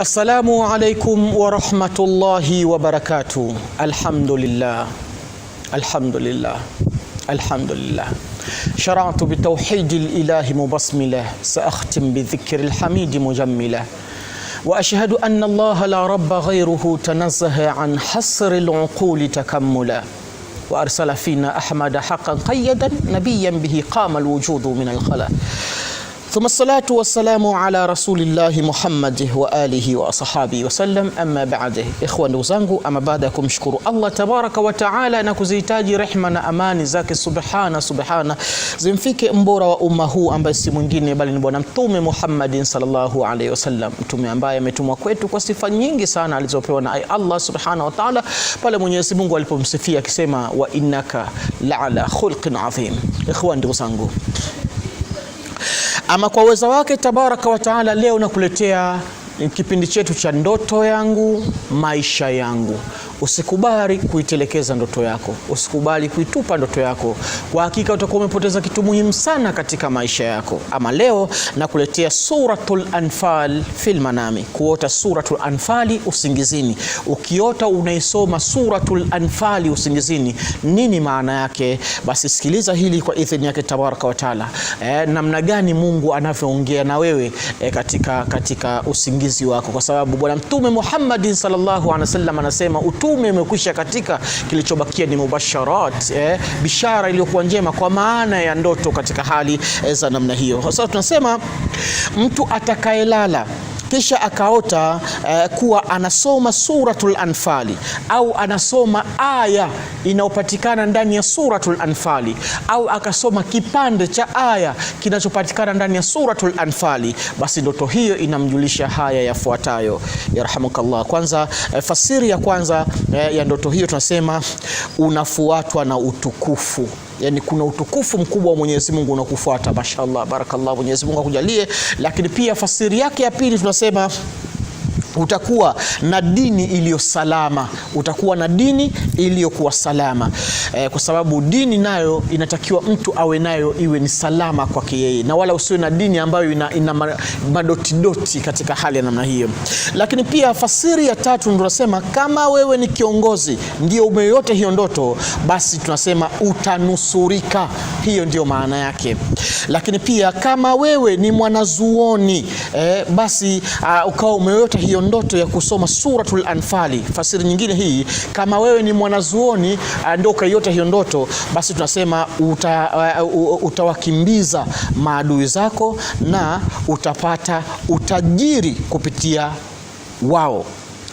السلام عليكم ورحمة الله وبركاته الحمد لله الحمد لله الحمد لله شرعت بتوحيد الإله مبسملة سأختم بذكر الحميد مجملة وأشهد أن الله لا رب غيره تنزه عن حصر العقول تكملا وأرسل فينا أحمد حقا قيدا نبيا به قام الوجود من الخلا Thumma salatu wassalamu ala rasulillahi Muhammad wa alihi wa ashabihi wasallam, amma baad. Ikhwa, ndugu zangu, ama baada ya kumshukuru Allah tabaraka wa taala na kuzihitaji rehma na amani zake subhana subhana zimfike mbora wa umma huu ambaye si mwingine bali ni Bwana Mtume Muhammadin sallallahu alaihi wasallam, mtume ambaye ametumwa kwetu kwa sifa nyingi sana alizopewa na Allah subhana wa taala pale Mwenyezi Mungu alipomsifia akisema, wa innaka laala khulqin adhim. Ikhwa, ndugu zangu ama kwa uwezo wake tabaraka wa taala, leo nakuletea kipindi chetu cha ndoto yangu maisha yangu. Usikubali kuitelekeza ndoto yako, usikubali kuitupa ndoto yako. Kwa hakika utakuwa umepoteza kitu muhimu sana katika maisha yako. Ama leo nakuletea Suratul Anfal fil manami, kuota Suratul Anfali usingizini. Ukiota unaisoma Suratul Anfali usingizini, nini maana yake? Basi sikiliza hili kwa idhini yake tabaraka wataala e, eh, namna gani Mungu anavyoongea na wewe e, katika, katika usingizi usingizi wako, kwa sababu Bwana Mtume Muhammadin sallallahu alaihi wasallam anasema utume umekwisha katika kilichobakia ni mubasharat, eh, bishara iliyokuwa njema kwa maana ya ndoto katika hali eh, za namna hiyo. Sasa tunasema mtu atakayelala kisha akaota eh, kuwa anasoma Suratul Anfali au anasoma aya inayopatikana ndani ya Suratul Anfali au akasoma kipande cha aya kinachopatikana ndani ya Suratul Anfali, basi ndoto hiyo inamjulisha haya yafuatayo. Yarhamukallah. Kwanza eh, fasiri ya kwanza eh, ya ndoto hiyo tunasema unafuatwa na utukufu Yani, kuna utukufu mkubwa wa Mwenyezi Mungu unakufuata. Mashallah, barakallah, Mwenyezi Mungu akujalie. Lakini pia fasiri yake ya pili tunasema Joseph utakuwa na dini iliyo salama, utakuwa na dini iliyokuwa salama e, kwa sababu dini nayo inatakiwa mtu awe nayo iwe ni salama kwake yeye, na wala usiwe na dini ambayo ina, ina madotidoti katika hali ya namna hiyo. Lakini pia fasiri ya tatu tunasema kama wewe ni kiongozi, ndio umeyote hiyo ndoto, basi tunasema utanusurika. Hiyo ndio maana yake. Lakini pia kama wewe ni mwanazuoni e, basi uh, ukawa umeyote hiyo ndoto ya kusoma Suratul Anfali, fasiri nyingine hii. Kama wewe ni mwanazuoni ah, ndio ukaiota hiyo ndoto, basi tunasema uta, uh, utawakimbiza maadui zako na utapata utajiri kupitia wao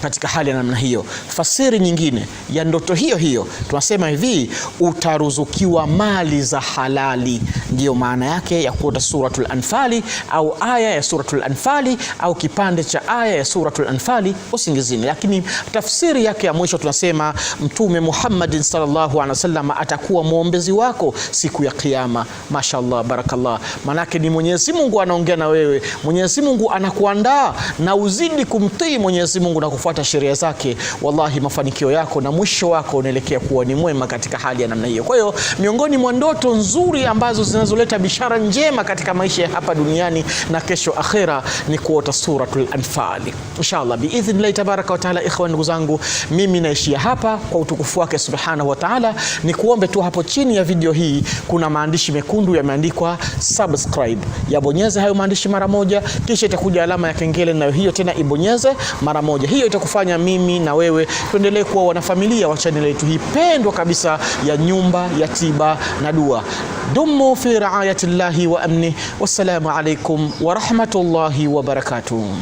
katika hali ya namna hiyo. Fasiri nyingine ya ndoto hiyo hiyo tunasema hivi, utaruzukiwa mali za halali. Ndiyo maana yake ya kuota Suratul Anfali au aya ya Suratul Anfali au kipande cha aya ya Suratul Anfali usingizini. Lakini tafsiri yake ya mwisho tunasema Mtume Muhammadin sallallahu alaihi wasallam atakuwa mwombezi wako siku ya Kiyama. Mashallah, barakallah. Manake ni Mwenyezi Mungu anaongea na wewe, Mwenyezi Mungu anakuandaa na uzidi kumtii Mwenyezi Mungu na unafuata sheria zake, wallahi mafanikio yako na mwisho wako unaelekea kuwa ni mwema katika hali ya namna hiyo. Kwa hiyo miongoni mwa ndoto nzuri ambazo zinazoleta bishara njema katika maisha ya hapa duniani na kesho akhera ni kuota Suratul Anfal inshallah biidhnillahi tabaraka wa taala. Ikhwan, ndugu zangu, mimi naishia hapa kwa utukufu wake subhanahu wa taala. Ni kuombe tu hapo chini ya video hii kuna maandishi mekundu yameandikwa subscribe, yabonyeze hayo maandishi mara moja, kisha itakuja alama ya kengele, nayo hiyo tena ibonyeze mara moja hiyo kufanya mimi na wewe tuendelee kuwa wanafamilia wa chaneli yetu hii pendwa kabisa ya Nyumba ya Tiba na Dua. Dumu fi riayati llahi wa amni. Wassalamu alaikum warahmatullahi wabarakatuh.